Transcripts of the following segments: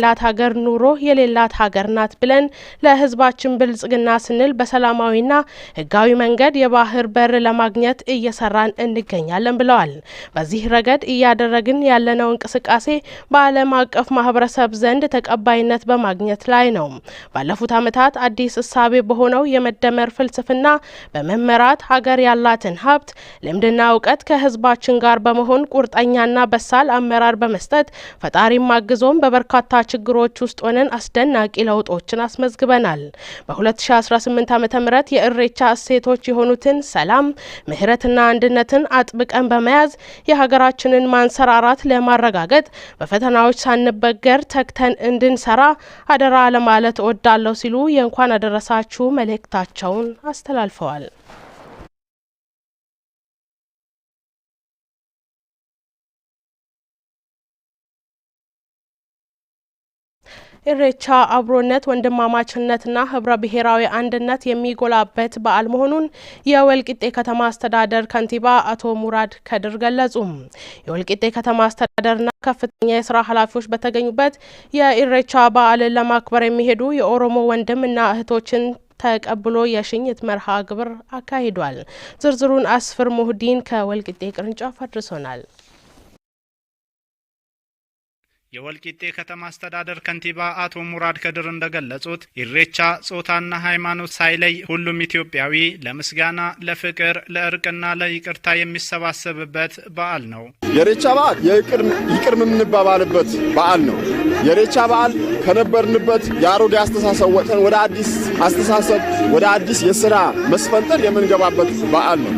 የሌላት ሀገር ኑሮ የሌላት ሀገር ናት ብለን ለህዝባችን ብልጽግና ስንል በሰላማዊና ህጋዊ መንገድ የባህር በር ለማግኘት እየሰራን እንገኛለን ብለዋል። በዚህ ረገድ እያደረግን ያለነው እንቅስቃሴ በዓለም አቀፍ ማህበረሰብ ዘንድ ተቀባይነት በማግኘት ላይ ነው። ባለፉት ዓመታት አዲስ እሳቤ በሆነው የመደመር ፍልስፍና በመመራት ሀገር ያላትን ሀብት፣ ልምድና እውቀት ከህዝባችን ጋር በመሆን ቁርጠኛና በሳል አመራር በመስጠት ፈጣሪ አግዞም በበርካታ ችግሮች ውስጥ ሆነን አስደናቂ ለውጦችን አስመዝግበናል። በ2018 ዓ ም የእሬቻ እሴቶች የሆኑትን ሰላም፣ ምህረትና አንድነትን አጥብቀን በመያዝ የሀገራችንን ማንሰራራት ለማረጋገጥ በፈተናዎች ሳንበገር ተግተን እንድንሰራ አደራ ለማለት እወዳለሁ ሲሉ የእንኳን አደረሳችሁ መልእክታቸውን አስተላልፈዋል። ኢሬቻ አብሮነት፣ ወንድማማችነትና ህብረ ብሔራዊ አንድነት የሚጎላበት በዓል መሆኑን የወልቂጤ ከተማ አስተዳደር ከንቲባ አቶ ሙራድ ከድር ገለጹ። የወልቂጤ ከተማ አስተዳደርና ከፍተኛ የስራ ኃላፊዎች በተገኙበት የኢሬቻ በዓልን ለማክበር የሚሄዱ የኦሮሞ ወንድምና እህቶችን ተቀብሎ የሽኝት መርሃ ግብር አካሂዷል። ዝርዝሩን አስፍር ሙህዲን ከወልቂጤ ቅርንጫፍ አድርሶናል። የወልቂጤ ከተማ አስተዳደር ከንቲባ አቶ ሙራድ ከድር እንደገለጹት ኢሬቻ ጾታና ሃይማኖት ሳይለይ ሁሉም ኢትዮጵያዊ ለምስጋና፣ ለፍቅር፣ ለእርቅና ለይቅርታ የሚሰባሰብበት በዓል ነው። የሬቻ በዓል ይቅርም የምንባባልበት በዓል ነው። የሬቻ በዓል ከነበርንበት የአሮጌ አስተሳሰብ ወጥተን ወደ አዲስ አስተሳሰብ፣ ወደ አዲስ የስራ መስፈንጠር የምንገባበት በዓል ነው።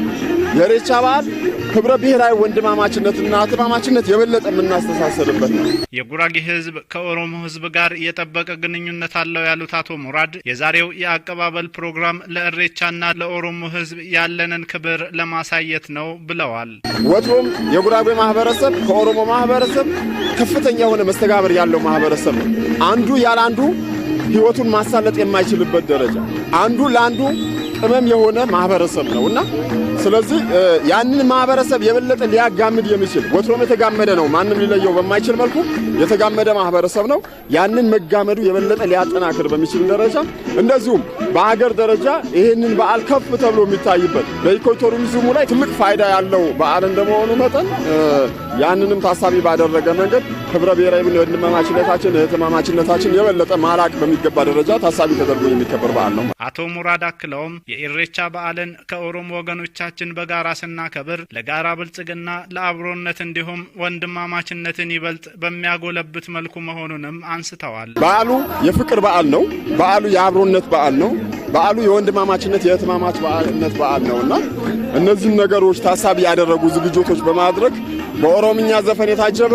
የሬቻ በዓል ህብረ ብሔራዊ ወንድማማችነትና አትማማችነት የበለጠ የምናስተሳሰርበት ነው። የጉራጌ ህዝብ ከኦሮሞ ህዝብ ጋር የጠበቀ ግንኙነት አለው ያሉት አቶ ሙራድ የዛሬው የአቀባበል ፕሮግራም ለእሬቻና ለኦሮሞ ህዝብ ያለንን ክብር ለማሳየት ነው ብለዋል። ወትሮም የጉራጌ ማህበረሰብ ከኦሮሞ ማህበረሰብ ከፍተኛ የሆነ መስተጋብር ያለው ማህበረሰብ ነው። አንዱ ያለ አንዱ ህይወቱን ማሳለጥ የማይችልበት ደረጃ፣ አንዱ ለአንዱ ቅመም የሆነ ማህበረሰብ ነው እና ስለዚህ ያንን ማህበረሰብ የበለጠ ሊያጋምድ የሚችል ወትሮም የተጋመደ ነው፣ ማንም ሊለየው በማይችል መልኩ የተጋመደ ማህበረሰብ ነው። ያንን መጋመዱ የበለጠ ሊያጠናክር በሚችል ደረጃ እንደዚሁም በሀገር ደረጃ ይህንን በዓል ከፍ ተብሎ የሚታይበት በኢኮ ላይ ትልቅ ፋይዳ ያለው በዓል እንደመሆኑ መጠን ያንንም ታሳቢ ባደረገ መንገድ ህብረ ብሔራዊ ወንድማማችነታችን እህትማማችነታችን የበለጠ ማላቅ በሚገባ ደረጃ ታሳቢ ተደርጎ የሚከበር በዓል ነው። አቶ ሙራድ አክለውም የኢሬቻ በዓልን ከኦሮሞ ወገኖቻ በዓላችን በጋራ ስናከብር ለጋራ ብልጽግና፣ ለአብሮነት እንዲሁም ወንድማማችነትን ይበልጥ በሚያጎለብት መልኩ መሆኑንም አንስተዋል። በዓሉ የፍቅር በዓል ነው። በዓሉ የአብሮነት በዓል ነው። በዓሉ የወንድማማችነት የእህትማማች በዓልነት በዓል ነው እና እነዚህም ነገሮች ታሳቢ ያደረጉ ዝግጅቶች በማድረግ በኦሮምኛ ዘፈን የታጀበ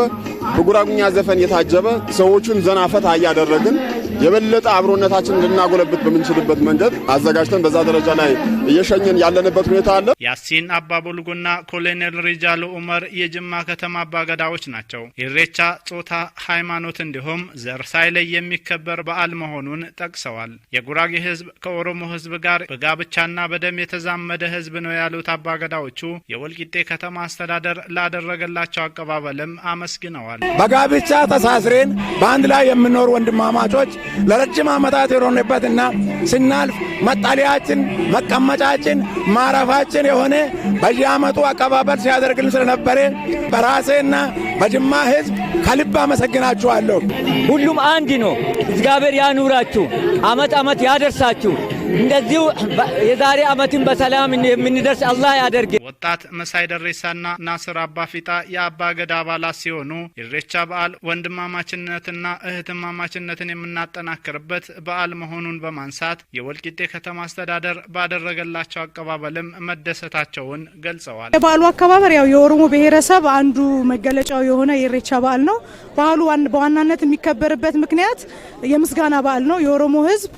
በጉራጉኛ ዘፈን የታጀበ ሰዎቹን ዘና ፈታ እያደረግን የበለጠ አብሮነታችን ልናጎለብት በምንችልበት መንገድ አዘጋጅተን በዛ ደረጃ ላይ እየሸኘን ያለንበት ሁኔታ አለ። ያሲን አባቦልጎና ኮሎኔል ሪጃሎ ኡመር የጅማ ከተማ አባገዳዎች ናቸው። ኢሬቻ ጾታ፣ ሃይማኖት እንዲሁም ዘር ሳይለይ የሚከበር በዓል መሆኑን ጠቅሰዋል። የጉራጌ ሕዝብ ከኦሮሞ ሕዝብ ጋር በጋብቻና በደም የተዛመደ ሕዝብ ነው ያሉት አባገዳዎቹ የወልቂጤ ከተማ አስተዳደር ላደረገላቸው አቀባበልም አመስግነዋል። በጋብቻ ተሳስሬን በአንድ ላይ የምኖር ወንድማማቾች ለረጅም ዓመታት የኖርንበትና ስናልፍ መጠለያችን፣ መቀመጫችን፣ ማረፋችን የሆነ በየዓመቱ አቀባበል ሲያደርግልን ስለነበረ በራሴና በጅማ ህዝብ ከልብ አመሰግናችኋለሁ። ሁሉም አንድ ነው። እግዚአብሔር ያኑራችሁ፣ አመት አመት ያደርሳችሁ። እንደዚሁ የዛሬ አመትን በሰላም የምንደርስ አላህ ያደርግ። ወጣት መሳይ ደሬሳና ናስር አባ ፊጣ የአባ ገዳ አባላት ሲሆኑ የኢሬቻ በዓል ወንድማማችነትና እህትማማችነትን የምናጠናክርበት በዓል መሆኑን በማንሳት የወልቂጤ ከተማ አስተዳደር ባደረገላቸው አቀባበልም መደሰታቸውን ገልጸዋል። የበዓሉ አከባበር ያው የኦሮሞ ብሔረሰብ አንዱ መገለጫው የሆነ የኢሬቻ በዓል ነው። በዓሉ በዋናነት የሚከበርበት ምክንያት የምስጋና በዓል ነው። የኦሮሞ ሕዝብ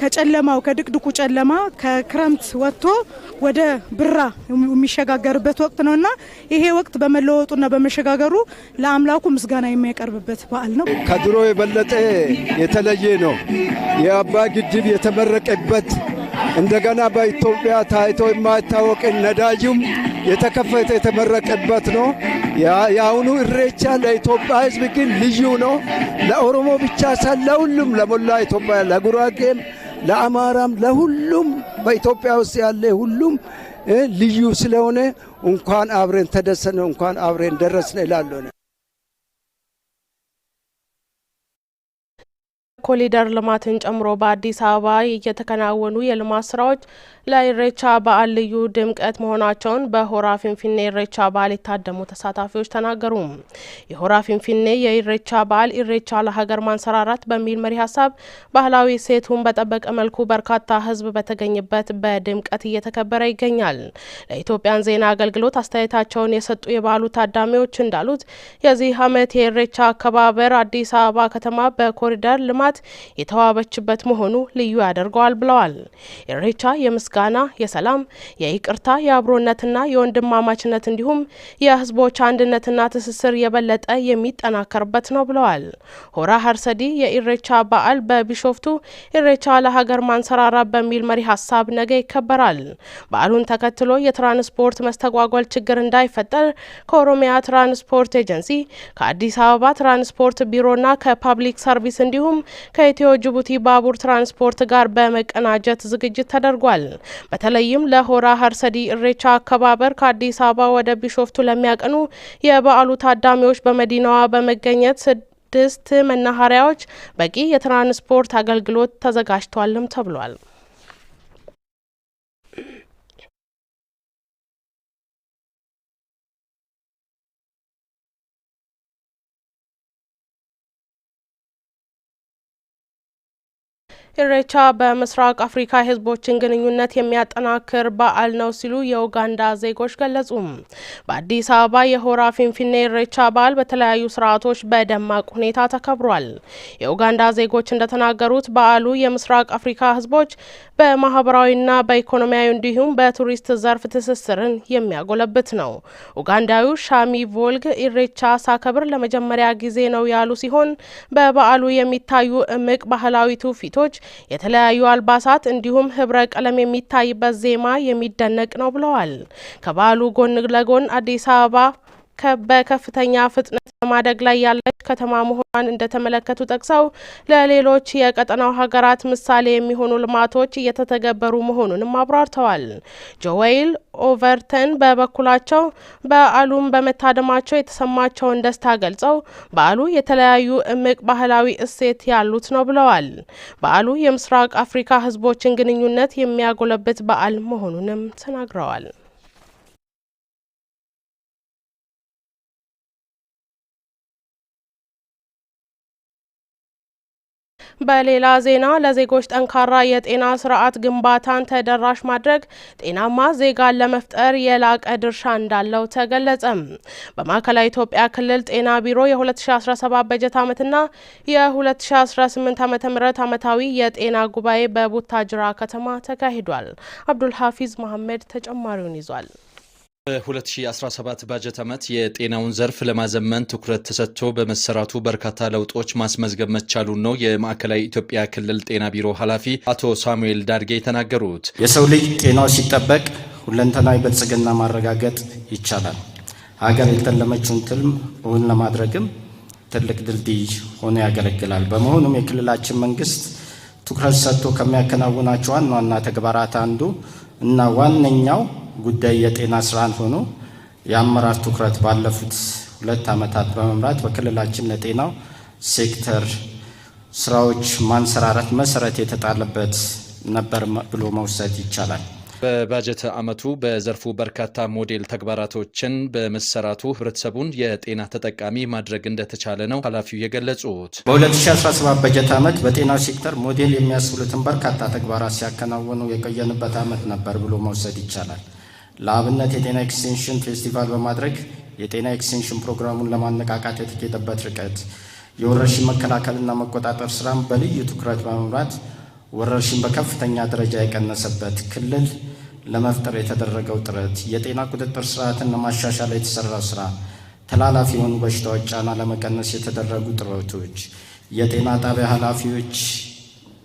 ከጨለማው ከድቅድቁ ጨለማ ከክረምት ወጥቶ ወደ ብራ የሚሸጋገርበት ወቅት ነው እና ይሄ ወቅት በመለወጡና በመሸጋገሩ ለአምላኩ ምስጋና የሚያቀርብበት በዓል ነው። ከድሮ የበለጠ የተለየ ነው። የአባ ግድብ የተመረቀበት እንደገና በኢትዮጵያ ታይቶ የማይታወቅ ነዳጅም የተከፈተ የተመረቀበት ነው። የአሁኑ እሬቻ ለኢትዮጵያ ሕዝብ ግን ልዩ ነው። ለኦሮሞ ብቻ ሳይሆን ለሁሉም ለሞላ ኢትዮጵያ፣ ለጉራጌም፣ ለአማራም፣ ለሁሉም በኢትዮጵያ ውስጥ ያለ ሁሉም ልዩ ስለሆነ እንኳን አብረን ተደሰነ እንኳን አብረን ደረስነ ይላሉ። ኮሊደር ልማትን ጨምሮ በአዲስ አበባ እየተከናወኑ የልማት ስራዎች ለኢሬቻ በዓል ልዩ ድምቀት መሆናቸውን በሆራ ፊንፊኔ ኢሬቻ በዓል የታደሙ ተሳታፊዎች ተናገሩ። የሆራ ፊንፊኔ የኢሬቻ በዓል ኢሬቻ ለሀገር ማንሰራራት በሚል መሪ ሀሳብ ባህላዊ ሴቱን በጠበቀ መልኩ በርካታ ሕዝብ በተገኝበት በድምቀት እየተከበረ ይገኛል። ለኢትዮጵያን ዜና አገልግሎት አስተያየታቸውን የሰጡ የበዓሉ ታዳሚዎች እንዳሉት የዚህ ዓመት የኢሬቻ አከባበር አዲስ አበባ ከተማ በኮሪደር ልማት የተዋበችበት መሆኑ ልዩ ያደርገዋል ብለዋል። ኢሬቻ የምስ የምስጋና፣ የሰላም፣ የይቅርታ፣ የአብሮነትና የወንድማማችነት እንዲሁም የህዝቦች አንድነትና ትስስር የበለጠ የሚጠናከርበት ነው ብለዋል። ሆራ ሀርሰዲ የኢሬቻ በዓል በቢሾፍቱ ኢሬቻ ለሀገር ማንሰራራ በሚል መሪ ሀሳብ ነገ ይከበራል። በዓሉን ተከትሎ የትራንስፖርት መስተጓጓል ችግር እንዳይፈጠር ከኦሮሚያ ትራንስፖርት ኤጀንሲ፣ ከአዲስ አበባ ትራንስፖርት ቢሮና ከፓብሊክ ሰርቪስ እንዲሁም ከኢትዮ ጅቡቲ ባቡር ትራንስፖርት ጋር በመቀናጀት ዝግጅት ተደርጓል። በተለይም ለሆራ ሀርሰዲ እሬቻ አከባበር ከአዲስ አበባ ወደ ቢሾፍቱ ለሚያቀኑ የበዓሉ ታዳሚዎች በመዲናዋ በመገኘት ስድስት መናኸሪያዎች በቂ የትራንስፖርት አገልግሎት ተዘጋጅቷልም ተብሏል። ኢሬቻ በምስራቅ አፍሪካ የህዝቦችን ግንኙነት የሚያጠናክር በዓል ነው ሲሉ የኡጋንዳ ዜጎች ገለጹ። በአዲስ አበባ የሆራ ፊንፊኔ ኢሬቻ በዓል በተለያዩ ስርዓቶች በደማቅ ሁኔታ ተከብሯል። የኡጋንዳ ዜጎች እንደተናገሩት በዓሉ የምስራቅ አፍሪካ በማህበራዊ በማህበራዊና በኢኮኖሚያዊ እንዲሁም በቱሪስት ዘርፍ ትስስርን የሚያጎለብት ነው። ኡጋንዳዊው ሻሚ ቮልግ ኢሬቻ ሳከብር ለመጀመሪያ ጊዜ ነው ያሉ ሲሆን በበዓሉ የሚታዩ እምቅ ባህላዊ ትውፊቶች የተለያዩ አልባሳት እንዲሁም ህብረ ቀለም የሚታይበት ዜማ የሚደነቅ ነው ብለዋል። ከበዓሉ ጎን ለጎን አዲስ አበባ በከፍተኛ ፍጥነት በማደግ ላይ ያለች ከተማ መሆኗን እንደተመለከቱ ጠቅሰው ለሌሎች የቀጠናው ሀገራት ምሳሌ የሚሆኑ ልማቶች እየተተገበሩ መሆኑንም አብራርተዋል። ጆዌይል ኦቨርተን በበኩላቸው በዓሉን በመታደማቸው የተሰማቸውን ደስታ ገልጸው በዓሉ የተለያዩ እምቅ ባህላዊ እሴት ያሉት ነው ብለዋል። በዓሉ የምስራቅ አፍሪካ ህዝቦችን ግንኙነት የሚያጎለብት በዓል መሆኑንም ተናግረዋል። በሌላ ዜና ለዜጎች ጠንካራ የጤና ስርዓት ግንባታን ተደራሽ ማድረግ ጤናማ ዜጋን ለመፍጠር የላቀ ድርሻ እንዳለው ተገለጸ። በማዕከላዊ ኢትዮጵያ ክልል ጤና ቢሮ የ2017 በጀት ዓመትና የ2018 ዓ.ም ዓመታዊ የጤና ጉባኤ በቡታጅራ ከተማ ተካሂዷል። አብዱል ሀፊዝ መሐመድ ተጨማሪውን ይዟል። በ2017 ባጀት ዓመት የጤናውን ዘርፍ ለማዘመን ትኩረት ተሰጥቶ በመሰራቱ በርካታ ለውጦች ማስመዝገብ መቻሉን ነው የማዕከላዊ ኢትዮጵያ ክልል ጤና ቢሮ ኃላፊ አቶ ሳሙኤል ዳርጌ የተናገሩት። የሰው ልጅ ጤናው ሲጠበቅ ሁለንተናዊ ብልጽግና ማረጋገጥ ይቻላል። ሀገር የተለመችውን ትልም እውን ለማድረግም ትልቅ ድልድይ ሆኖ ያገለግላል። በመሆኑም የክልላችን መንግስት ትኩረት ሰጥቶ ከሚያከናውናቸው ዋና ዋና ተግባራት አንዱ እና ዋነኛው ጉዳይ የጤና ስራን ሆኖ የአመራር ትኩረት ባለፉት ሁለት ዓመታት በመምራት በክልላችን ለጤናው ሴክተር ስራዎች ማንሰራረት መሰረት የተጣለበት ነበር ብሎ መውሰድ ይቻላል። በባጀት ዓመቱ በዘርፉ በርካታ ሞዴል ተግባራቶችን በመሰራቱ ህብረተሰቡን የጤና ተጠቃሚ ማድረግ እንደተቻለ ነው ኃላፊው የገለጹት። በ2017 በጀት ዓመት በጤናው ሴክተር ሞዴል የሚያስብሉትን በርካታ ተግባራት ሲያከናውኑ የቆየንበት ዓመት ነበር ብሎ መውሰድ ይቻላል። ለአብነት የጤና ኤክስቴንሽን ፌስቲቫል በማድረግ የጤና ኤክስቴንሽን ፕሮግራሙን ለማነቃቃት የተኬደበት ርቀት የወረርሽኝ መከላከልና መቆጣጠር ስራም በልዩ ትኩረት በመምራት ወረርሽኝ በከፍተኛ ደረጃ የቀነሰበት ክልል ለመፍጠር የተደረገው ጥረት፣ የጤና ቁጥጥር ስርዓትን ለማሻሻል የተሰራ ስራ፣ ተላላፊ የሆኑ በሽታዎች ጫና ለመቀነስ የተደረጉ ጥረቶች፣ የጤና ጣቢያ ኃላፊዎች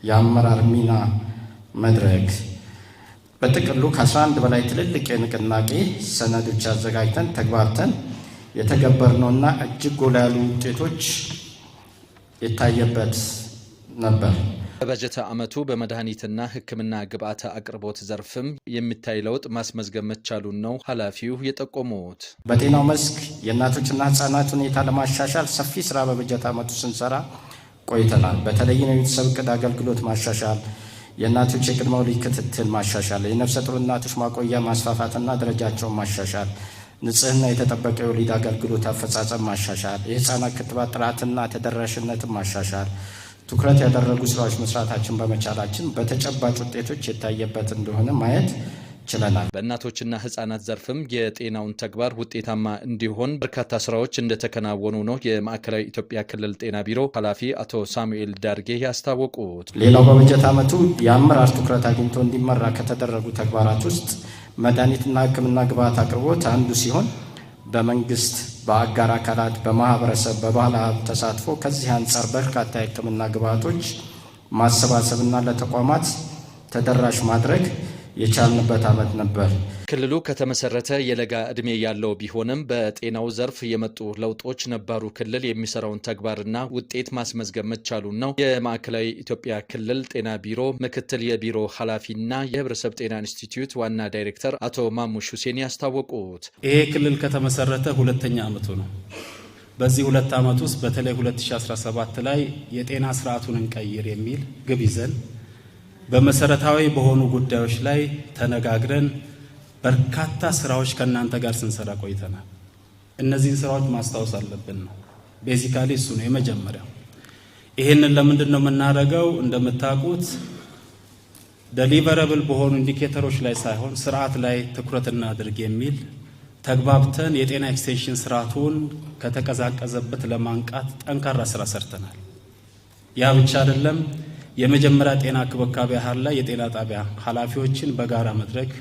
የአመራር ሚና መድረክ በጥቅሉ ከ11 በላይ ትልልቅ የንቅናቄ ሰነዶች አዘጋጅተን ተግባርተን የተገበርነውና እጅግ ጎላ ያሉ ውጤቶች የታየበት ነበር። በበጀት ዓመቱ በመድኃኒትና ሕክምና ግብዓት አቅርቦት ዘርፍም የሚታይ ለውጥ ማስመዝገብ መቻሉን ነው ኃላፊው የጠቆሙት። በጤናው መስክ የእናቶችና ሕጻናት ሁኔታ ለማሻሻል ሰፊ ስራ በበጀት ዓመቱ ስንሰራ ቆይተናል። በተለይም የቤተሰብ እቅድ አገልግሎት ማሻሻል የእናቶች የቅድመ ወሊድ ክትትል ማሻሻል፣ የነፍሰ ጡር እናቶች ማቆያ ማስፋፋትና ደረጃቸውን ማሻሻል፣ ንጽህና የተጠበቀ የወሊድ አገልግሎት አፈጻጸም ማሻሻል፣ የህፃናት ክትባት ጥራትና ተደራሽነትን ማሻሻል ትኩረት ያደረጉ ስራዎች መስራታችን በመቻላችን በተጨባጭ ውጤቶች የታየበት እንደሆነ ማየት ችለናል። በእናቶችና ህጻናት ዘርፍም የጤናውን ተግባር ውጤታማ እንዲሆን በርካታ ስራዎች እንደተከናወኑ ነው የማዕከላዊ ኢትዮጵያ ክልል ጤና ቢሮ ኃላፊ አቶ ሳሙኤል ዳርጌ ያስታወቁት። ሌላው በበጀት ዓመቱ የአመራር ትኩረት አግኝቶ እንዲመራ ከተደረጉ ተግባራት ውስጥ መድኃኒትና ህክምና ግብዓት አቅርቦት አንዱ ሲሆን በመንግስት በአጋር አካላት፣ በማህበረሰብ፣ በባህል ሀብ ተሳትፎ ከዚህ አንጻር በርካታ የህክምና ግብዓቶች ማሰባሰብና ለተቋማት ተደራሽ ማድረግ የቻልንበት ዓመት ነበር። ክልሉ ከተመሰረተ የለጋ ዕድሜ ያለው ቢሆንም በጤናው ዘርፍ የመጡ ለውጦች ነባሩ ክልል የሚሰራውን ተግባርና ውጤት ማስመዝገብ መቻሉን ነው የማዕከላዊ ኢትዮጵያ ክልል ጤና ቢሮ ምክትል የቢሮ ኃላፊና የህብረተሰብ ጤና ኢንስቲትዩት ዋና ዳይሬክተር አቶ ማሙሽ ሁሴን ያስታወቁት። ይሄ ክልል ከተመሰረተ ሁለተኛ ዓመቱ ነው። በዚህ ሁለት ዓመት ውስጥ በተለይ 2017 ላይ የጤና ስርዓቱን እንቀይር የሚል ግብ ይዘን በመሰረታዊ በሆኑ ጉዳዮች ላይ ተነጋግረን በርካታ ስራዎች ከእናንተ ጋር ስንሰራ ቆይተናል። እነዚህን ስራዎች ማስታወስ አለብን ነው ቤዚካሊ እሱ ነው የመጀመሪያው። ይህንን ለምንድን ነው የምናደርገው? እንደምታውቁት ደሊቨረብል በሆኑ ኢንዲኬተሮች ላይ ሳይሆን ስርዓት ላይ ትኩረት እናድርግ የሚል ተግባብተን የጤና ኤክስቴንሽን ስርዓቱን ከተቀዛቀዘበት ለማንቃት ጠንካራ ስራ ሰርተናል። ያ ብቻ አይደለም። የመጀመሪያ ጤና ክብካቤ ሀር ላይ የጤና ጣቢያ ኃላፊዎችን በጋራ መድረክ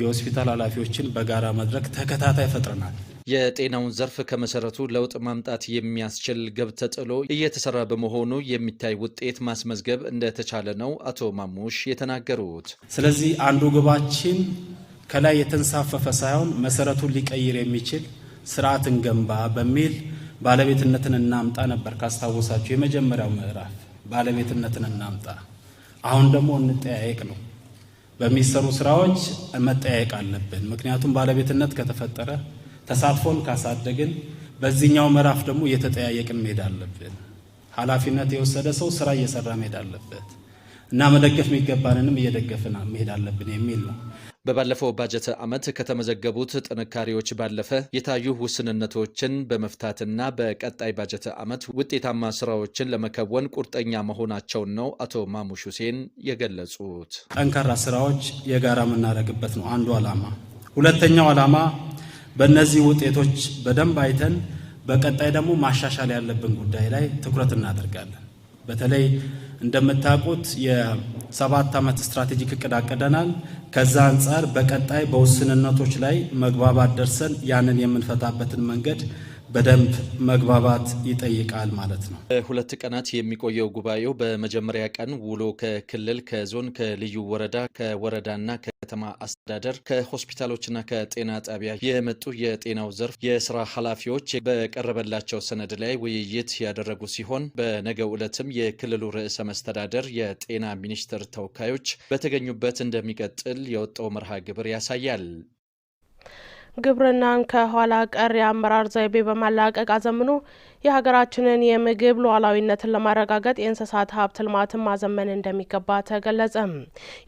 የሆስፒታል ኃላፊዎችን በጋራ መድረክ ተከታታይ ፈጥረናል። የጤናውን ዘርፍ ከመሰረቱ ለውጥ ማምጣት የሚያስችል ግብ ተጥሎ እየተሰራ በመሆኑ የሚታይ ውጤት ማስመዝገብ እንደተቻለ ነው አቶ ማሙሽ የተናገሩት። ስለዚህ አንዱ ግባችን ከላይ የተንሳፈፈ ሳይሆን መሰረቱን ሊቀይር የሚችል ስርዓትን ገንባ በሚል ባለቤትነትን እናምጣ ነበር ካስታወሳችሁ የመጀመሪያው ምዕራፍ ባለቤትነትን እናምጣ። አሁን ደግሞ እንጠያየቅ ነው። በሚሰሩ ስራዎች መጠያየቅ አለብን። ምክንያቱም ባለቤትነት ከተፈጠረ ተሳትፎን ካሳደግን በዚህኛው ምዕራፍ ደግሞ እየተጠያየቅን መሄድ አለብን። ኃላፊነት የወሰደ ሰው ስራ እየሰራ መሄድ አለበት እና መደገፍ የሚገባንንም እየደገፍን መሄድ አለብን የሚል ነው። በባለፈው ባጀት ዓመት ከተመዘገቡት ጥንካሬዎች ባለፈ የታዩ ውስንነቶችን በመፍታትና በቀጣይ ባጀት ዓመት ውጤታማ ስራዎችን ለመከወን ቁርጠኛ መሆናቸውን ነው አቶ ማሙሽ ሁሴን የገለጹት። ጠንካራ ስራዎች የጋራ የምናደርግበት ነው አንዱ ዓላማ። ሁለተኛው ዓላማ በእነዚህ ውጤቶች በደንብ አይተን በቀጣይ ደግሞ ማሻሻል ያለብን ጉዳይ ላይ ትኩረት እናደርጋለን። በተለይ እንደምታውቁት የሰባት ዓመት ስትራቴጂክ እቅድ አቅደናል። ከዛ አንጻር በቀጣይ በውስንነቶች ላይ መግባባት ደርሰን ያንን የምንፈታበትን መንገድ በደንብ መግባባት ይጠይቃል ማለት ነው። ሁለት ቀናት የሚቆየው ጉባኤው በመጀመሪያ ቀን ውሎ ከክልል፣ ከዞን፣ ከልዩ ወረዳ፣ ከወረዳና ከተማ አስተዳደር፣ ከሆስፒታሎችና ከጤና ጣቢያ የመጡ የጤናው ዘርፍ የስራ ኃላፊዎች በቀረበላቸው ሰነድ ላይ ውይይት ያደረጉ ሲሆን በነገው ዕለትም የክልሉ ርዕሰ መስተዳደር የጤና ሚኒስቴር ተወካዮች በተገኙበት እንደሚቀጥል የወጣው መርሃ ግብር ያሳያል። ግብርናን ከኋላ ቀር የአመራር ዘይቤ በማላቀቅ አዘምኖ የሀገራችንን የምግብ ሉዓላዊነትን ለማረጋገጥ የእንስሳት ሀብት ልማትን ማዘመን እንደሚገባ ተገለጸ።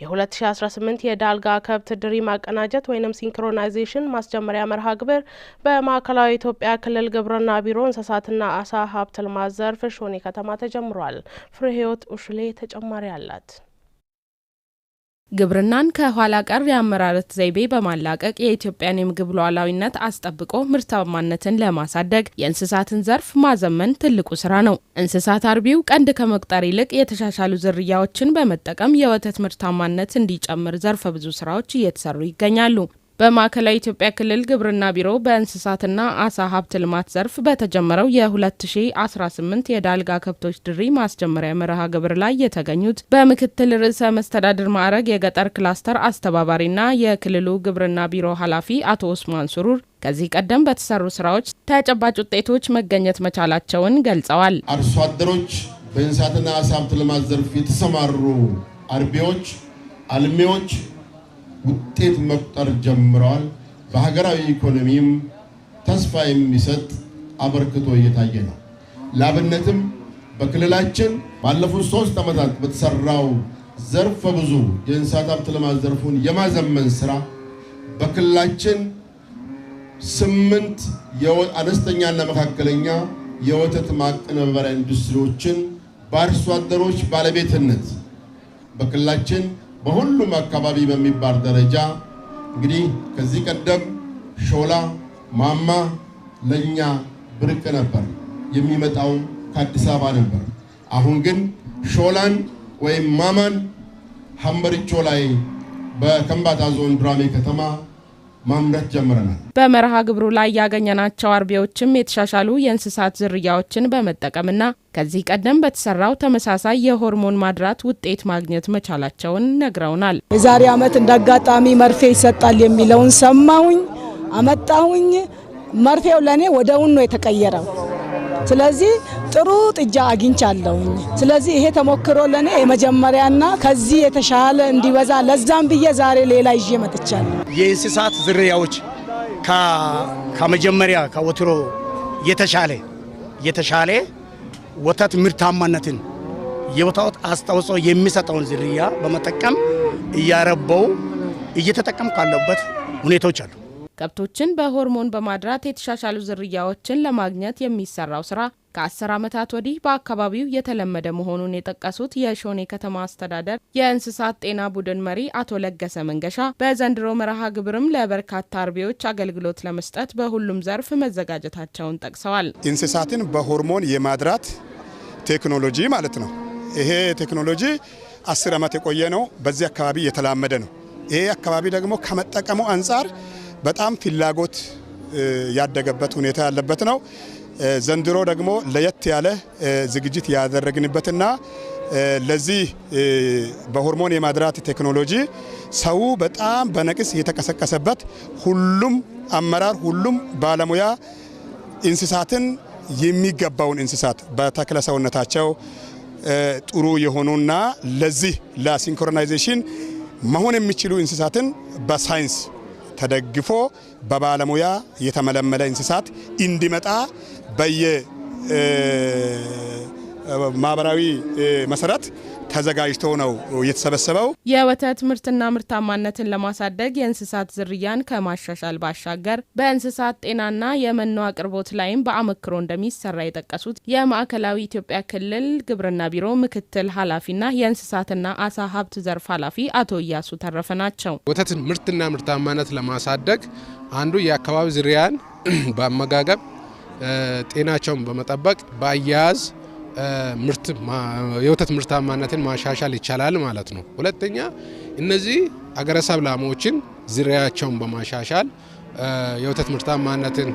የ2018 የዳልጋ ከብት ድሪ ማቀናጀት ወይም ሲንክሮናይዜሽን ማስጀመሪያ መርሃ ግብር በማዕከላዊ ኢትዮጵያ ክልል ግብርና ቢሮ እንስሳትና አሳ ሀብት ልማት ዘርፍ ሾኔ ከተማ ተጀምሯል። ፍሬህይወት ኡሽሌ ተጨማሪ አላት። ግብርናን ከኋላ ቀር የአመራረት ዘይቤ በማላቀቅ የኢትዮጵያን የምግብ ሉዓላዊነት አስጠብቆ ምርታማነትን ለማሳደግ የእንስሳትን ዘርፍ ማዘመን ትልቁ ስራ ነው። እንስሳት አርቢው ቀንድ ከመቁጠር ይልቅ የተሻሻሉ ዝርያዎችን በመጠቀም የወተት ምርታማነት እንዲጨምር ዘርፈ ብዙ ስራዎች እየተሰሩ ይገኛሉ። በማዕከላዊ ኢትዮጵያ ክልል ግብርና ቢሮ በእንስሳትና አሳ ሀብት ልማት ዘርፍ በተጀመረው የ2018 የዳልጋ ከብቶች ድሪ ማስጀመሪያ መርሃ ግብር ላይ የተገኙት በምክትል ርዕሰ መስተዳድር ማዕረግ የገጠር ክላስተር አስተባባሪና የክልሉ ግብርና ቢሮ ኃላፊ አቶ ኡስማን ሱሩር ከዚህ ቀደም በተሰሩ ስራዎች ተጨባጭ ውጤቶች መገኘት መቻላቸውን ገልጸዋል። አርሶ አደሮች፣ በእንስሳትና አሳ ሀብት ልማት ዘርፍ የተሰማሩ አርቢዎች፣ አልሚዎች ውጤት መቁጠር ጀምረዋል። በሀገራዊ ኢኮኖሚም ተስፋ የሚሰጥ አበርክቶ እየታየ ነው። ለአብነትም በክልላችን ባለፉት ሶስት ዓመታት በተሰራው ዘርፈ ብዙ የእንስሳት ሀብት ልማት ዘርፉን የማዘመን ስራ በክልላችን ስምንት አነስተኛና መካከለኛ የወተት ማቀነባበሪያ ኢንዱስትሪዎችን በአርሶ አደሮች ባለቤትነት በክልላችን በሁሉም አካባቢ በሚባል ደረጃ እንግዲህ ከዚህ ቀደም ሾላ ማማ ለእኛ ብርቅ ነበር፣ የሚመጣው ከአዲስ አበባ ነበር። አሁን ግን ሾላን ወይም ማማን ሀምበሪቾ ላይ በከምባታ ዞን ዱራሜ ከተማ ማምረት ጀምረናል። በመርሃ ግብሩ ላይ ያገኘናቸው አርቢዎችም የተሻሻሉ የእንስሳት ዝርያዎችን በመጠቀምና ከዚህ ቀደም በተሰራው ተመሳሳይ የሆርሞን ማድራት ውጤት ማግኘት መቻላቸውን ነግረውናል። የዛሬ ዓመት አጋጣሚ መርፌ ይሰጣል የሚለውን ሰማሁኝ፣ አመጣሁኝ። መርፌው ለእኔ ወደውን ነው የተቀየረው። ስለዚህ ጥሩ ጥጃ አግኝቻለሁኝ። ስለዚህ ይሄ ተሞክሮ ለእኔ የመጀመሪያና ከዚህ የተሻለ እንዲበዛ ለዛም ብዬ ዛሬ ሌላ ይዤ መጥቻለሁ። የእንስሳት ዝርያዎች ከመጀመሪያ ከወትሮ የተሻለ የተሻለ ወተት ምርታማነትን የወተት አስተዋጽኦ የሚሰጠውን ዝርያ በመጠቀም እያረበው እየተጠቀም ካለበት ሁኔታዎች አሉ። ከብቶችን በሆርሞን በማድራት የተሻሻሉ ዝርያዎችን ለማግኘት የሚሰራው ስራ ከአስር ዓመታት ወዲህ በአካባቢው የተለመደ መሆኑን የጠቀሱት የሾኔ ከተማ አስተዳደር የእንስሳት ጤና ቡድን መሪ አቶ ለገሰ መንገሻ በዘንድሮ መርሃ ግብርም ለበርካታ አርቢዎች አገልግሎት ለመስጠት በሁሉም ዘርፍ መዘጋጀታቸውን ጠቅሰዋል። እንስሳትን በሆርሞን የማድራት ቴክኖሎጂ ማለት ነው። ይሄ ቴክኖሎጂ አስር ዓመት የቆየ ነው። በዚህ አካባቢ የተላመደ ነው። ይሄ አካባቢ ደግሞ ከመጠቀሙ አንጻር በጣም ፍላጎት ያደገበት ሁኔታ ያለበት ነው። ዘንድሮ ደግሞ ለየት ያለ ዝግጅት ያደረግንበትና ለዚህ በሆርሞን የማድራት ቴክኖሎጂ ሰው በጣም በነቅስ የተቀሰቀሰበት ሁሉም አመራር፣ ሁሉም ባለሙያ እንስሳትን የሚገባውን እንስሳት በተክለ ሰውነታቸው ጥሩ የሆኑና ለዚህ ለሲንክሮናይዜሽን መሆን የሚችሉ እንስሳትን በሳይንስ ተደግፎ በባለሙያ የተመለመለ እንስሳት እንዲመጣ በየ ማህበራዊ መሰረት ተዘጋጅቶ ነው የተሰበሰበው። የወተት ምርትና ምርታማነትን ለማሳደግ የእንስሳት ዝርያን ከማሻሻል ባሻገር በእንስሳት ጤናና የመኖ አቅርቦት ላይም በአመክሮ እንደሚሰራ የጠቀሱት የማዕከላዊ ኢትዮጵያ ክልል ግብርና ቢሮ ምክትል ኃላፊና የእንስሳትና አሳ ሀብት ዘርፍ ኃላፊ አቶ እያሱ ተረፈ ናቸው። ወተት ምርትና ምርታማነት ለማሳደግ አንዱ የአካባቢ ዝርያን በአመጋገብ ጤናቸውን በመጠበቅ በአያያዝ ምርት የወተት ምርታማነትን ማሻሻል ይቻላል ማለት ነው። ሁለተኛ እነዚህ አገረሰብ ላሞችን ዝርያቸውን በማሻሻል የወተት ምርታማነትን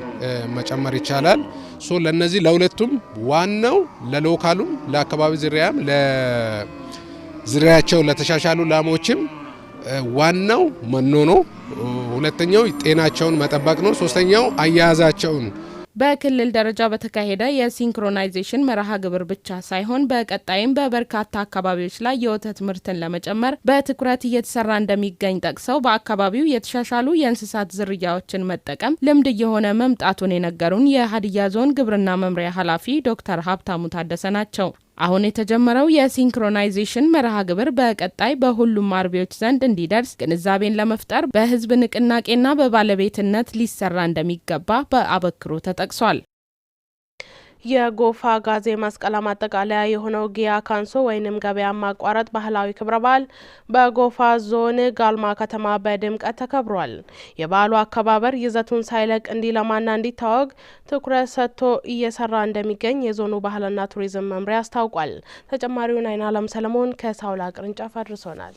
መጨመር ይቻላል። ሶ ለነዚህ ለሁለቱም ዋናው ለሎካሉም ለአካባቢ ዝርያም ለዝርያቸው ለተሻሻሉ ላሞችም ዋናው መኖ ነው። ሁለተኛው ጤናቸውን መጠበቅ ነው። ሶስተኛው አያያዛቸውን በክልል ደረጃ በተካሄደ የሲንክሮናይዜሽን መርሃ ግብር ብቻ ሳይሆን በቀጣይም በበርካታ አካባቢዎች ላይ የወተት ምርትን ለመጨመር በትኩረት እየተሰራ እንደሚገኝ ጠቅሰው በአካባቢው የተሻሻሉ የእንስሳት ዝርያዎችን መጠቀም ልምድ እየሆነ መምጣቱን የነገሩን የሀዲያ ዞን ግብርና መምሪያ ኃላፊ ዶክተር ሀብታሙ ታደሰ ናቸው። አሁን የተጀመረው የሲንክሮናይዜሽን መርሃ ግብር በቀጣይ በሁሉም አርቢዎች ዘንድ እንዲደርስ ግንዛቤን ለመፍጠር በህዝብ ንቅናቄና በባለቤትነት ሊሰራ እንደሚገባ በአበክሮ ተጠቅሷል። የጎፋ ጋዜ መስቀል ማጠቃለያ የሆነው ጊያ ካንሶ ወይንም ገበያ ማቋረጥ ባህላዊ ክብረ በዓል በጎፋ ዞን ጋልማ ከተማ በድምቀት ተከብሯል። የበዓሉ አከባበር ይዘቱን ሳይለቅ እንዲለማና እንዲታወቅ ትኩረት ሰጥቶ እየሰራ እንደሚገኝ የዞኑ ባህልና ቱሪዝም መምሪያ አስታውቋል። ተጨማሪውን አይን አለም ሰለሞን ከሳውላ ቅርንጫፍ አድርሶናል።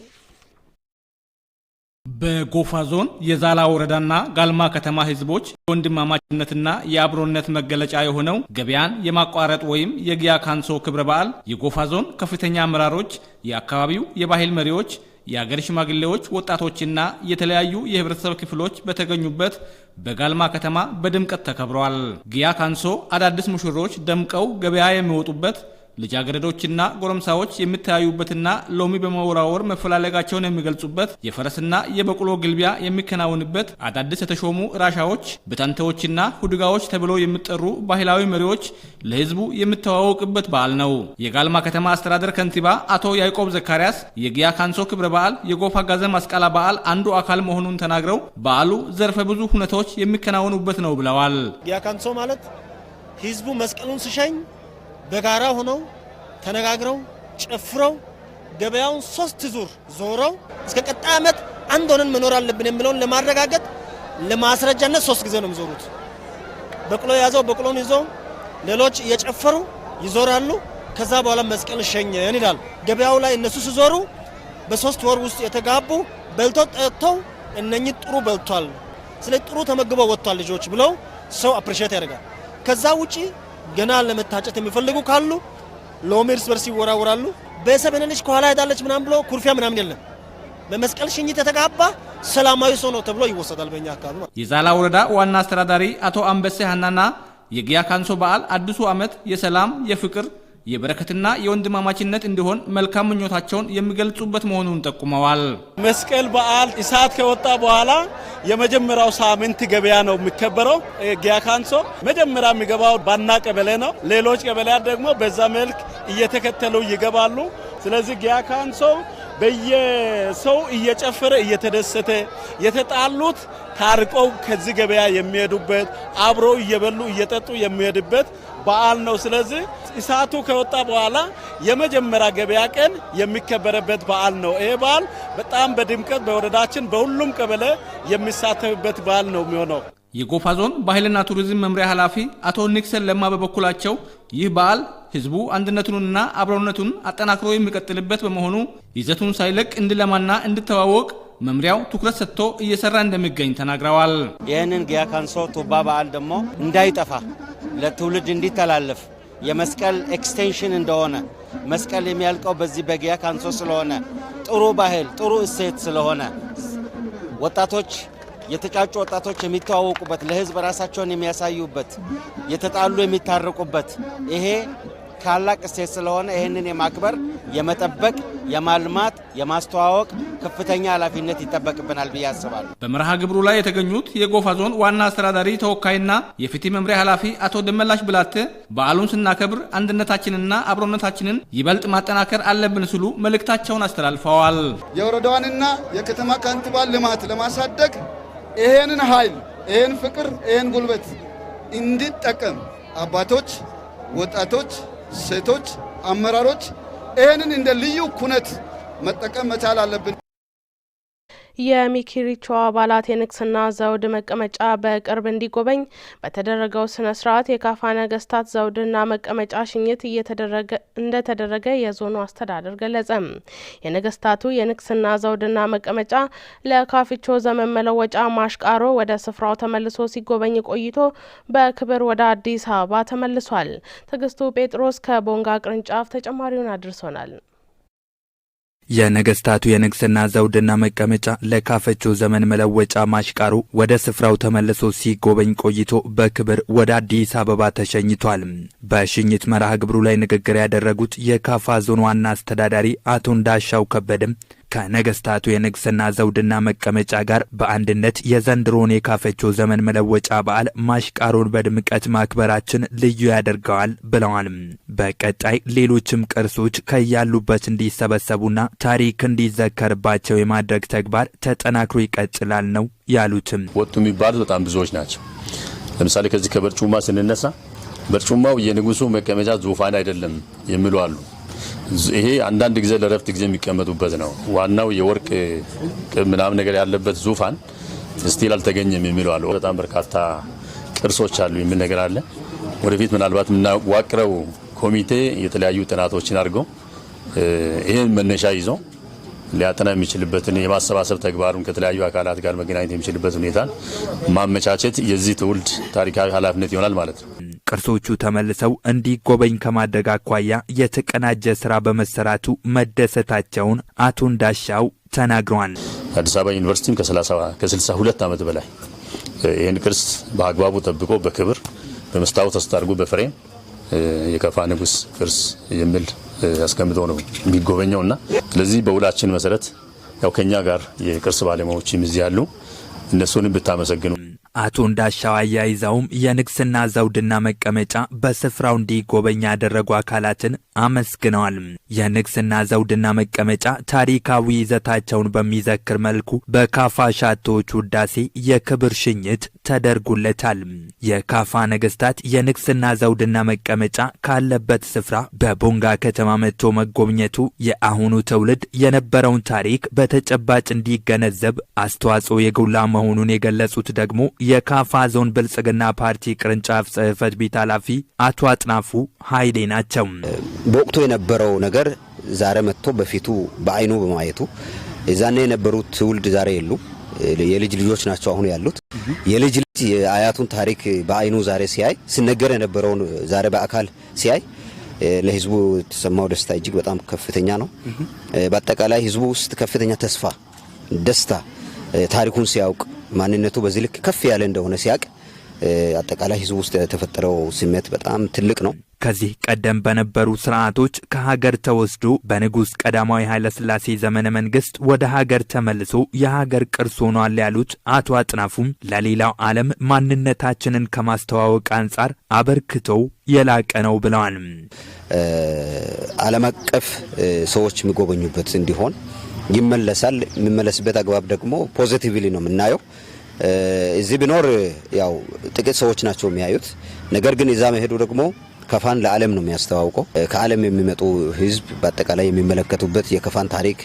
በጎፋ ዞን የዛላ ወረዳና ጋልማ ከተማ ህዝቦች የወንድማማችነትና የአብሮነት መገለጫ የሆነው ገበያን የማቋረጥ ወይም የጊያ ካንሶ ክብረ በዓል የጎፋ ዞን ከፍተኛ አመራሮች፣ የአካባቢው የባህል መሪዎች የአገር ሽማግሌዎች፣ ወጣቶችና የተለያዩ የህብረተሰብ ክፍሎች በተገኙበት በጋልማ ከተማ በድምቀት ተከብረዋል። ጊያ ካንሶ አዳዲስ ሙሽሮች ደምቀው ገበያ የሚወጡበት ልጃገረዶችና ጎረምሳዎች የሚተያዩበትና ሎሚ በመወራወር መፈላለጋቸውን የሚገልጹበት የፈረስና የበቅሎ ግልቢያ የሚከናወንበት አዳዲስ የተሾሙ ራሻዎች፣ ብታንተዎችና ሁድጋዎች ተብለው የሚጠሩ ባህላዊ መሪዎች ለህዝቡ የሚተዋወቅበት በዓል ነው። የጋልማ ከተማ አስተዳደር ከንቲባ አቶ ያዕቆብ ዘካርያስ የጊያ ካንሶ ክብረ በዓል የጎፋ ጋዘ ማስቃላ በዓል አንዱ አካል መሆኑን ተናግረው በዓሉ ዘርፈ ብዙ ሁነቶች የሚከናወኑበት ነው ብለዋል። ጊያ ካንሶ ማለት ህዝቡ መስቀሉን ሲሸኝ በጋራ ሆነው ተነጋግረው ጨፍረው ገበያውን ሶስት ዙር ዞረው እስከ ቀጣይ ዓመት አንድ ሆነን መኖር አለብን የሚለውን ለማረጋገጥ ለማስረጃነት ሶስት ጊዜ ነው የሚዞሩት። በቅሎ የያዘው በቅሎን ይዞ ሌሎች እየጨፈሩ ይዞራሉ። ከዛ በኋላ መስቀል ሸኘን ይላል። ገበያው ላይ እነሱ ሲዞሩ በሶስት ወር ውስጥ የተጋቡ በልቶ ጠጥተው እነኚህ ጥሩ በልቷል፣ ስለ ጥሩ ተመግበው ወጥቷል ልጆች ብለው ሰው አፕሪሼት ያደርጋል። ከዛ ውጪ ገና ለመታጨት የሚፈልጉ ካሉ ሎሚ እርስ በርስ ይወራወራሉ። በሰብነች ከኋላ ሄዳለች ምናም ብሎ ኩርፊያ ምናምን የለም። በመስቀል ሽኝት የተጋባ ሰላማዊ ሰው ነው ተብሎ ይወሰዳል። በእኛ አካባቢ የዛላ ወረዳ ዋና አስተዳዳሪ አቶ አንበሴ ሀናና የጊያ ካንሶ በዓል አዲሱ ዓመት የሰላም የፍቅር የበረከትና የወንድማማችነት እንዲሆን መልካም ምኞታቸውን የሚገልጹበት መሆኑን ጠቁመዋል። መስቀል በዓል እሳት ከወጣ በኋላ የመጀመሪያው ሳምንት ገበያ ነው የሚከበረው። ጊያ ካንሶ መጀመሪያ የሚገባው ባና ቀበሌ ነው። ሌሎች ቀበሌያት ደግሞ በዛ መልክ እየተከተሉ ይገባሉ። ስለዚህ ጊያ ካንሶ በየሰው እየጨፈረ እየተደሰተ የተጣሉት ታርቀው ከዚህ ገበያ የሚሄዱበት አብረው እየበሉ እየጠጡ የሚሄድበት በዓል ነው። ስለዚህ እሳቱ ከወጣ በኋላ የመጀመሪያ ገበያ ቀን የሚከበረበት በዓል ነው። ይሄ በዓል በጣም በድምቀት በወረዳችን በሁሉም ቀበሌ የሚሳተፍበት በዓል ነው የሚሆነው። የጎፋ ዞን ባህልና ቱሪዝም መምሪያ ኃላፊ አቶ ኒክሰን ለማ በበኩላቸው ይህ በዓል ህዝቡ አንድነቱንና አብሮነቱን አጠናክሮ የሚቀጥልበት በመሆኑ ይዘቱን ሳይለቅ እንዲለማና እንዲተዋወቅ መምሪያው ትኩረት ሰጥቶ እየሰራ እንደሚገኝ ተናግረዋል። ይህንን ጊያ ካንሶ ቱባ በዓል ደግሞ እንዳይጠፋ ለትውልድ እንዲተላለፍ የመስቀል ኤክስቴንሽን እንደሆነ መስቀል የሚያልቀው በዚህ በጊያ ካንሶ ስለሆነ ጥሩ ባህል ጥሩ እሴት ስለሆነ ወጣቶች የተጫጩ ወጣቶች የሚተዋወቁበት፣ ለህዝብ ራሳቸውን የሚያሳዩበት፣ የተጣሉ የሚታረቁበት ይሄ ታላቅ እሴት ስለሆነ ይህንን የማክበር የመጠበቅ የማልማት የማስተዋወቅ ከፍተኛ ኃላፊነት ይጠበቅብናል ብዬ አስባለሁ። በመርሃ ግብሩ ላይ የተገኙት የጎፋ ዞን ዋና አስተዳዳሪ ተወካይና የፍትህ መምሪያ ኃላፊ አቶ ደመላሽ ብላት በዓሉን ስናከብር አንድነታችንና አብሮነታችንን ይበልጥ ማጠናከር አለብን ሲሉ መልእክታቸውን አስተላልፈዋል። የወረዳዋንና የከተማ ከንቲባን ልማት ለማሳደግ ይሄንን ኃይል ይሄን ፍቅር ይሄን ጉልበት እንዲጠቀም አባቶች፣ ወጣቶች፣ ሴቶች፣ አመራሮች ይሄንን እንደ ልዩ ኩነት መጠቀም መቻል አለብን። የሚኪሪቾ አባላት የንግስና ዘውድ መቀመጫ በቅርብ እንዲጎበኝ በተደረገው ስነ ስርዓት የካፋ ነገስታት ዘውድና መቀመጫ ሽኝት እንደተደረገ የዞኑ አስተዳደር ገለጸ። የነገስታቱ የንግስና ዘውድና መቀመጫ ለካፊቾ ዘመን መለወጫ ማሽቃሮ ወደ ስፍራው ተመልሶ ሲጎበኝ ቆይቶ በክብር ወደ አዲስ አበባ ተመልሷል። ትግስቱ ጴጥሮስ ከቦንጋ ቅርንጫፍ ተጨማሪውን አድርሶናል። የነገስታቱ የንግስና ዘውድና መቀመጫ ለካፈችው ዘመን መለወጫ ማሽቃሩ ወደ ስፍራው ተመልሶ ሲጎበኝ ቆይቶ በክብር ወደ አዲስ አበባ ተሸኝቷል። በሽኝት መርሃ ግብሩ ላይ ንግግር ያደረጉት የካፋ ዞን ዋና አስተዳዳሪ አቶ እንዳሻው ከበደም ከነገስታቱ የንግስና ዘውድና መቀመጫ ጋር በአንድነት የዘንድሮን የካፈቾ ዘመን መለወጫ በዓል ማሽቃሮን በድምቀት ማክበራችን ልዩ ያደርገዋል ብለዋል። በቀጣይ ሌሎችም ቅርሶች ከያሉበት እንዲሰበሰቡና ታሪክ እንዲዘከርባቸው የማድረግ ተግባር ተጠናክሮ ይቀጥላል ነው ያሉትም። ወጡ የሚባሉት በጣም ብዙዎች ናቸው። ለምሳሌ ከዚህ ከበርጩማ ስንነሳ በርጩማው የንጉሱ መቀመጫ ዙፋን አይደለም የሚሉ አሉ። ይሄ አንዳንድ ጊዜ ለረፍት ጊዜ የሚቀመጡበት ነው። ዋናው የወርቅ ምናምን ነገር ያለበት ዙፋን ስቲል አልተገኘም የሚለው አለ። በጣም በርካታ ቅርሶች አሉ የሚል ነገር አለ። ወደፊት ምናልባት የምናዋቅረው ኮሚቴ የተለያዩ ጥናቶችን አድርገው ይህን መነሻ ይዞ ሊያጠና የሚችልበትን የማሰባሰብ ተግባሩን ከተለያዩ አካላት ጋር መገናኘት የሚችልበት ሁኔታን ማመቻቸት የዚህ ትውልድ ታሪካዊ ኃላፊነት ይሆናል ማለት ነው። ቅርሶቹ ተመልሰው እንዲጎበኝ ከማድረግ አኳያ የተቀናጀ ስራ በመሰራቱ መደሰታቸውን አቶ እንዳሻው ተናግረዋል። አዲስ አበባ ዩኒቨርሲቲም ከ62 ዓመት በላይ ይህን ቅርስ በአግባቡ ጠብቆ በክብር በመስታወት አስታርጎ በፍሬም የከፋ ንጉስ ቅርስ የሚል አስቀምጦ ነው የሚጎበኘው እና ስለዚህ በውላችን መሰረት ያው ከኛ ጋር የቅርስ ባለሙያዎችም እዚህ ያሉ እነሱንም ብታመሰግኑ አቶ እንዳሻው አያይዘውም የንግስና ዘውድና መቀመጫ በስፍራው እንዲጎበኝ ያደረጉ አካላትን አመስግነዋል። የንግስና ዘውድና መቀመጫ ታሪካዊ ይዘታቸውን በሚዘክር መልኩ በካፋ ሻቶዎች ውዳሴ የክብር ሽኝት ተደርጉለታል። የካፋ ነገስታት የንግስና ዘውድና መቀመጫ ካለበት ስፍራ በቦንጋ ከተማ መጥቶ መጎብኘቱ የአሁኑ ትውልድ የነበረውን ታሪክ በተጨባጭ እንዲገነዘብ አስተዋጽኦ የጎላ መሆኑን የገለጹት ደግሞ የካፋ ዞን ብልጽግና ፓርቲ ቅርንጫፍ ጽህፈት ቤት ኃላፊ አቶ አጥናፉ ኃይሌ ናቸው። በወቅቱ የነበረው ነገር ዛሬ መጥቶ በፊቱ በአይኑ በማየቱ የዛኔ የነበሩት ትውልድ ዛሬ የሉ የልጅ ልጆች ናቸው አሁን ያሉት። የልጅ ልጅ የአያቱን ታሪክ በአይኑ ዛሬ ሲያይ ሲነገር የነበረውን ዛሬ በአካል ሲያይ ለህዝቡ የተሰማው ደስታ እጅግ በጣም ከፍተኛ ነው። በአጠቃላይ ህዝቡ ውስጥ ከፍተኛ ተስፋ፣ ደስታ ታሪኩን ሲያውቅ ማንነቱ በዚህ ልክ ከፍ ያለ እንደሆነ ሲያውቅ አጠቃላይ ህዝብ ውስጥ የተፈጠረው ስሜት በጣም ትልቅ ነው። ከዚህ ቀደም በነበሩ ስርዓቶች ከሀገር ተወስዶ በንጉሥ ቀዳማዊ ኃይለሥላሴ ዘመነ መንግስት ወደ ሀገር ተመልሶ የሀገር ቅርስ ሆኗል ያሉት አቶ አጥናፉም ለሌላው ዓለም ማንነታችንን ከማስተዋወቅ አንጻር አበርክተው የላቀ ነው ብለዋል። ዓለም አቀፍ ሰዎች የሚጎበኙበት እንዲሆን ይመለሳል። የሚመለስበት አግባብ ደግሞ ፖዚቲቭሊ ነው የምናየው። እዚህ ቢኖር ያው ጥቂት ሰዎች ናቸው የሚያዩት። ነገር ግን እዛ መሄዱ ደግሞ ከፋን ለዓለም ነው የሚያስተዋውቀው። ከዓለም የሚመጡ ህዝብ በአጠቃላይ የሚመለከቱበት የከፋን ታሪክ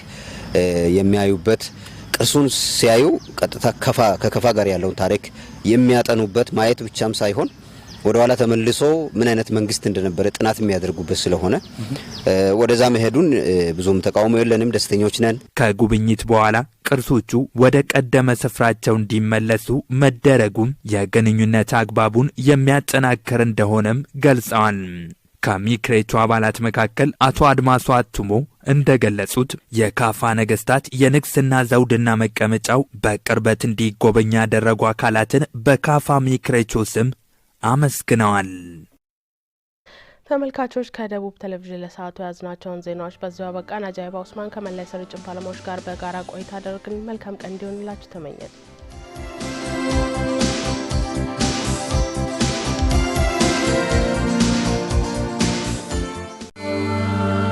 የሚያዩበት ቅርሱን ሲያዩ ቀጥታ ከፋ ከከፋ ጋር ያለውን ታሪክ የሚያጠኑበት ማየት ብቻም ሳይሆን ወደ ኋላ ተመልሶ ምን አይነት መንግስት እንደነበረ ጥናት የሚያደርጉበት ስለሆነ ወደዛ መሄዱን ብዙም ተቃውሞ የለንም፣ ደስተኞች ነን። ከጉብኝት በኋላ ቅርሶቹ ወደ ቀደመ ስፍራቸው እንዲመለሱ መደረጉም የግንኙነት አግባቡን የሚያጠናክር እንደሆነም ገልጸዋል። ከሚክሬቹ አባላት መካከል አቶ አድማሱ አቱሞ እንደገለጹት የካፋ ነገስታት የንግስና ዘውድና መቀመጫው በቅርበት እንዲጎበኝ ያደረጉ አካላትን በካፋ ሚክሬቾ ስም አመስግነዋል። ተመልካቾች ከደቡብ ቴሌቪዥን ለሰዓቱ የያዝናቸውን ዜናዎች በዚሁ አበቃን። አጃይባ ውስማን ከመላይ ስርጭት ባለሙያዎች ጋር በጋራ ቆይታ አደረግን። መልካም ቀን እንዲሆንላችሁ ተመኘን።